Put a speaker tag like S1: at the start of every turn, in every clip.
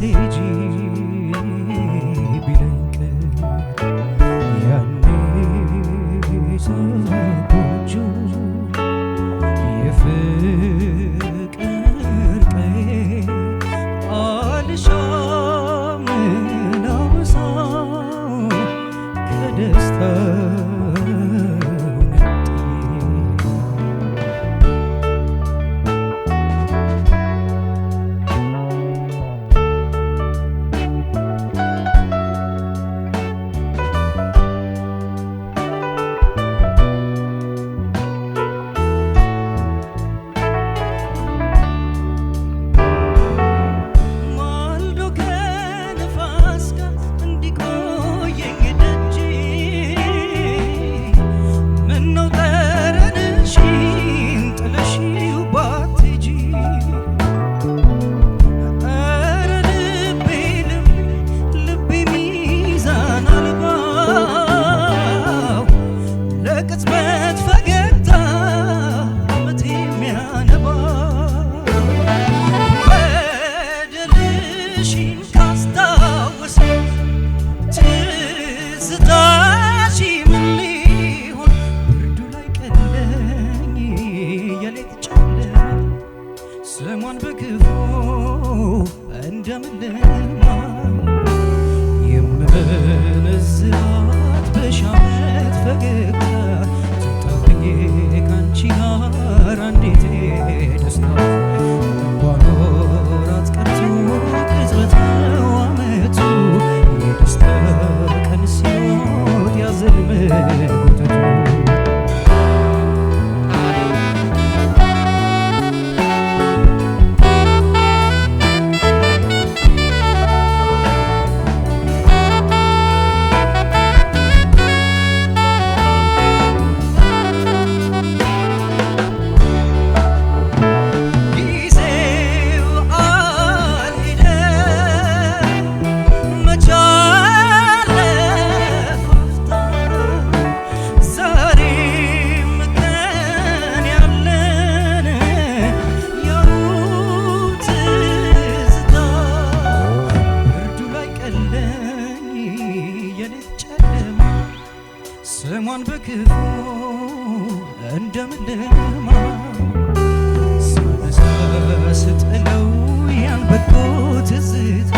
S1: সাথে machine. ሰማን በክፉ እንደምንማ ሳነሳ ስጥለው ያን በጎ ትዝታ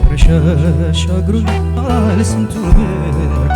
S1: ፍቅር ሸሻግሩኛል ስንቱ ብርዳ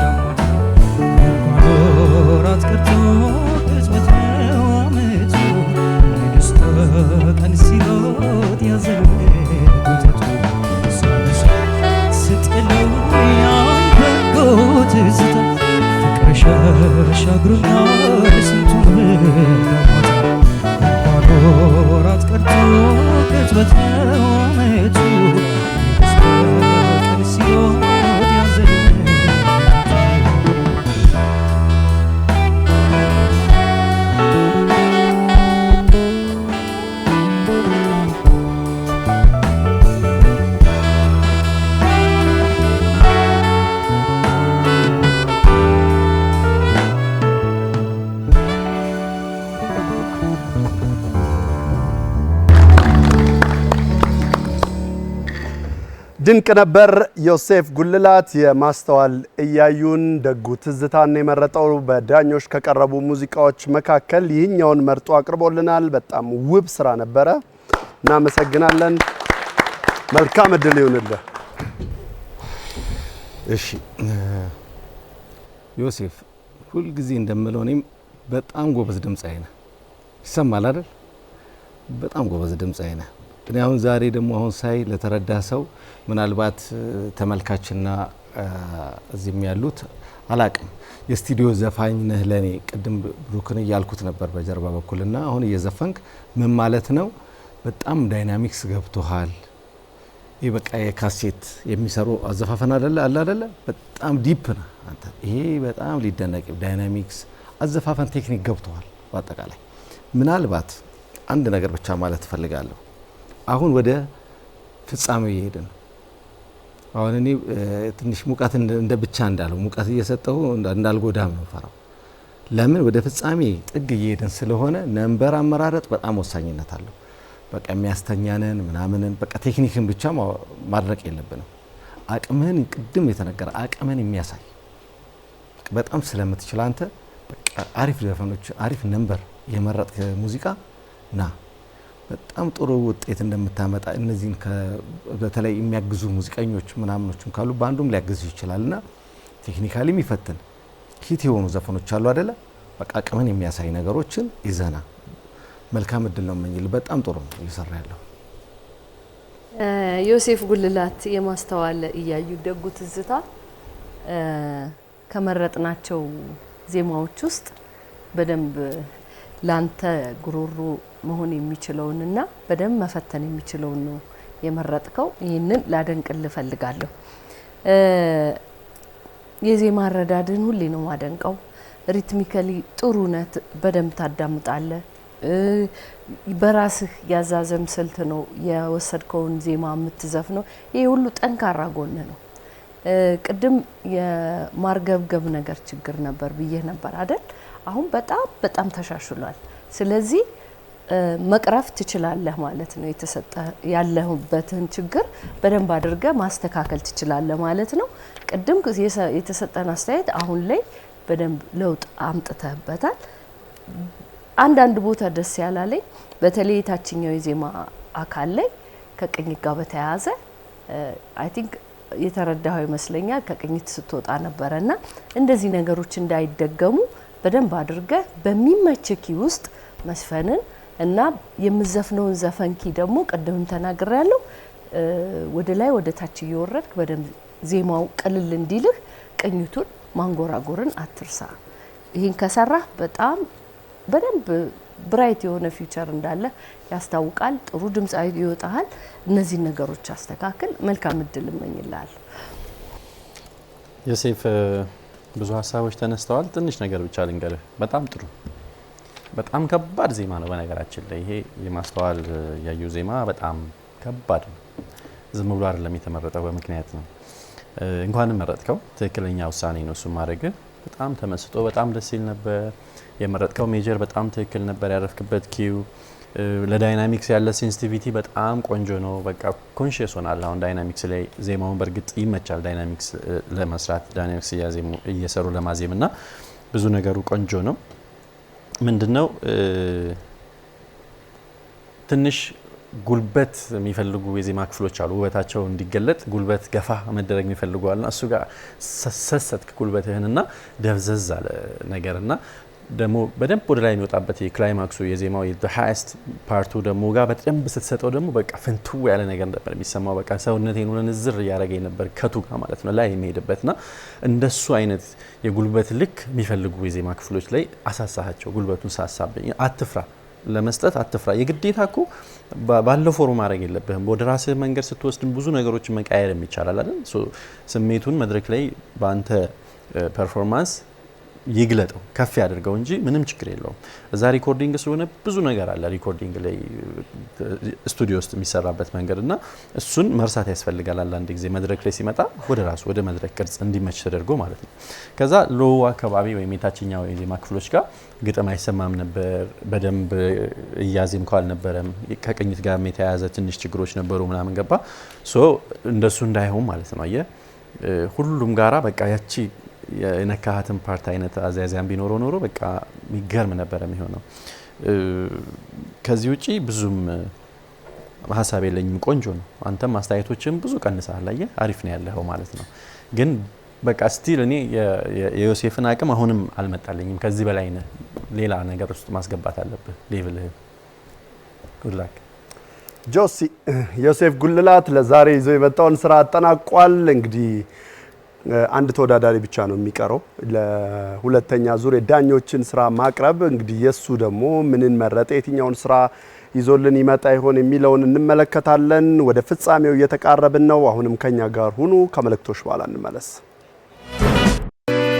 S2: ድንቅ ነበር። ዮሴፍ ጉልላት የማስተዋል እያዩን ደጉ ትዝታን የመረጠው በዳኞች ከቀረቡ ሙዚቃዎች መካከል ይህኛውን መርጦ አቅርቦልናል። በጣም ውብ ስራ ነበረ። እናመሰግናለን። መልካም እድል ይሁንልህ።
S3: እሺ ዮሴፍ፣ ሁልጊዜ እንደምለው እኔም በጣም ጎበዝ ድምጻዊ ነህ። ይሰማል አይደል? በጣም ጎበዝ ድምጻዊ ነህ። እኔ አሁን ዛሬ ደግሞ አሁን ሳይ ለተረዳ ሰው ምናልባት ተመልካችና እዚህም ያሉት አላቅም የስቱዲዮ ዘፋኝ ነህ ለእኔ ቅድም ብሩክን እያልኩት ነበር በጀርባ በኩልና አሁን እየዘፈንክ ምን ማለት ነው በጣም ዳይናሚክስ ገብቶሃል ይህ በቃ የካሴት የሚሰሩ አዘፋፈን አለ አደለ በጣም ዲፕ ነ አንተ ይሄ በጣም ሊደነቅ ዳይናሚክስ አዘፋፈን ቴክኒክ ገብተዋል በአጠቃላይ ምናልባት አንድ ነገር ብቻ ማለት ትፈልጋለሁ አሁን ወደ ፍጻሜው እየሄደ ነው። አሁን እኔ ትንሽ ሙቀት እንደ ብቻ እንዳለው ሙቀት እየሰጠሁ እንዳልጎዳም ነው ፈራው። ለምን ወደ ፍጻሜ ጥግ እየሄድን ስለሆነ ነንበር አመራረጥ በጣም ወሳኝነት አለው። በቃ የሚያስተኛንን ምናምንን በቃ ቴክኒክን ብቻ ማድረቅ የለብንም። አቅምህን ቅድም የተነገረ አቅምህን የሚያሳይ በጣም ስለምትችል አንተ አሪፍ ዘፈኖች አሪፍ ነንበር የመረጥ ሙዚቃ ና በጣም ጥሩ ውጤት እንደምታመጣ እነዚህን በተለይ የሚያግዙ ሙዚቀኞች ምናምኖችም ካሉ በአንዱም ሊያግዝ ይችላል እና ቴክኒካሊ የሚፈትን ሂት የሆኑ ዘፈኖች አሉ አደለ? በቃ አቅምን የሚያሳይ ነገሮችን ይዘና መልካም እድል ነው የምንል። በጣም ጥሩ ነው እየሰራ ያለው
S4: ዮሴፍ ጉልላት። የማስተዋል እያዩ ደጉ ትዝታ ከመረጥናቸው ዜማዎች ውስጥ በደንብ ላንተ ጉሮሮ መሆን የሚችለውንና በደንብ መፈተን የሚችለውን ነው የመረጥከው። ይህንን ላደንቅል እፈልጋለሁ። የዜማ አረዳድን ሁሌ ነው ማደንቀው። ሪትሚካሊ ጥሩ ነት በደንብ ታዳምጣለ። በራስህ ያዛዘም ስልት ነው የወሰድከውን ዜማ የምትዘፍ ነው። ይህ ሁሉ ጠንካራ ጎን ነው። ቅድም የማርገብገብ ነገር ችግር ነበር ብዬ ነበር አደል? አሁን በጣም በጣም ተሻሽሏል። ስለዚህ መቅረፍ ትችላለህ ማለት ነው። የተሰጠ ያለሁበትን ችግር በደንብ አድርገ ማስተካከል ትችላለህ ማለት ነው። ቅድም የተሰጠን አስተያየት አሁን ላይ በደንብ ለውጥ አምጥተህበታል። አንዳንድ ቦታ ደስ ያላለኝ በተለይ የታችኛው የዜማ አካል ላይ ከቅኝት ጋር በተያያዘ አይ ቲንክ የተረዳኸው ይመስለኛል። ከቅኝት ስትወጣ ነበረና እንደዚህ ነገሮች እንዳይደገሙ በደንብ አድርገህ በሚመች ኪ ውስጥ መስፈንን እና የምዘፍነውን ዘፈን ኪ ደግሞ ቅድም ተናግሬ ያለው ወደ ላይ ወደ ታች እየወረድክ በደንብ ዜማው ቅልል እንዲልህ ቅኝቱን ማንጎራጎርን አትርሳ። ይህን ከሰራህ በጣም በደንብ ብራይት የሆነ ፊውቸር እንዳለ ያስታውቃል። ጥሩ ድምፃዊ ይወጣሃል። እነዚህን ነገሮች አስተካክል። መልካም እድል እመኝልሃለሁ
S5: ዮሴፍ። ብዙ ሀሳቦች ተነስተዋል። ትንሽ ነገር ብቻ ልንገርህ። በጣም ጥሩ፣ በጣም ከባድ ዜማ ነው። በነገራችን ላይ ይሄ የማስተዋል ያዩ ዜማ በጣም ከባድ ነው። ዝም ብሎ አይደለም የተመረጠው፣ በምክንያት ነው። እንኳንም መረጥከው። ትክክለኛ ውሳኔ ነው እሱ ማድረግ። በጣም ተመስጦ፣ በጣም ደስ ይል ነበር። የመረጥከው ሜጀር በጣም ትክክል ነበር። ያረፍክበት ኪው ለዳይናሚክስ ያለ ሴንሲቲቪቲ በጣም ቆንጆ ነው። በቃ ኮንሽስ ሆናል። አሁን ዳይናሚክስ ላይ ዜማውን በእርግጥ ይመቻል። ዳይናሚክስ ለመስራት ዳይናሚክስ እየሰሩ ለማዜም እና ብዙ ነገሩ ቆንጆ ነው። ምንድን ነው ትንሽ ጉልበት የሚፈልጉ የዜማ ክፍሎች አሉ። ውበታቸው እንዲገለጥ ጉልበት ገፋ መደረግ የሚፈልጉ አሉና እሱ ጋር ሰሰትክ ጉልበትህንና ደብዘዝ አለ ነገርና ደግሞ በደንብ ወደ ላይ የሚወጣበት የክላይማክሱ የዜማው ሃይስት ፓርቱ ደግሞ ጋር በደንብ ስትሰጠው ደግሞ በቃ ፍንቱ ያለ ነገር ነበር የሚሰማው። በቃ ሰውነት ሆነ ንዝር እያደረገኝ ነበር ከቱ ጋር ማለት ነው ላይ የሚሄድበት ና እንደሱ አይነት የጉልበት ልክ የሚፈልጉ የዜማ ክፍሎች ላይ አሳሳቸው። ጉልበቱን ሳሳብኝ አትፍራ ለመስጠት አትፍራ። የግዴታ ኮ ባለው ፎርም ማድረግ የለብህም። ወደ ራስህ መንገድ ስትወስድ ብዙ ነገሮችን መቃየርም ይቻላል አይደል? ስሜቱን መድረክ ላይ በአንተ ፐርፎርማንስ ይግለጠው ከፍ ያደርገው እንጂ ምንም ችግር የለውም። እዛ ሪኮርዲንግ ስለሆነ ብዙ ነገር አለ ሪኮርዲንግ ላይ ስቱዲዮ ውስጥ የሚሰራበት መንገድ እና እሱን መርሳት ያስፈልጋል። አንዳንድ ጊዜ መድረክ ላይ ሲመጣ ወደ ራሱ ወደ መድረክ ቅርጽ እንዲመች ተደርጎ ማለት ነው። ከዛ ሎው አካባቢ ወይም የታችኛው የዜማ ክፍሎች ጋር ግጥም አይሰማም ነበር በደንብ እያዜም ኳ አልነበረም። ከቅኝት ጋር የተያያዘ ትንሽ ችግሮች ነበሩ ምናምን ገባ እንደሱ እንዳይሆን ማለት ነው አየ ሁሉም ጋራ በቃ ያቺ የነካሃትን ፓርቲ አይነት አዛያዚያን ቢኖረው ኖሮ በቃ የሚገርም ነበረ የሚሆነው። ከዚህ ውጪ ብዙም ሀሳብ የለኝም። ቆንጆ ነው። አንተም አስተያየቶችን ብዙ ቀንሰሃል። አየህ፣ አሪፍ ነው ያለኸው ማለት ነው። ግን በቃ ስቲል እኔ የዮሴፍን አቅም አሁንም አልመጣለኝም። ከዚህ በላይ ነህ። ሌላ ነገር ውስጥ ማስገባት አለብህ ሌቭልህን። ጉድላክ
S2: ጆሲ። ዮሴፍ ጉልላት ለዛሬ ይዞ የመጣውን ስራ አጠናቋል። እንግዲህ አንድ ተወዳዳሪ ብቻ ነው የሚቀረው ለሁለተኛ ዙር የዳኞችን ስራ ማቅረብ። እንግዲህ የእሱ ደግሞ ምንን መረጠ፣ የትኛውን ስራ ይዞልን ይመጣ ይሆን የሚለውን እንመለከታለን። ወደ ፍጻሜው እየተቃረብን ነው። አሁንም ከኛ ጋር ሁኑ። ከመልእክቶች በኋላ እንመለስ።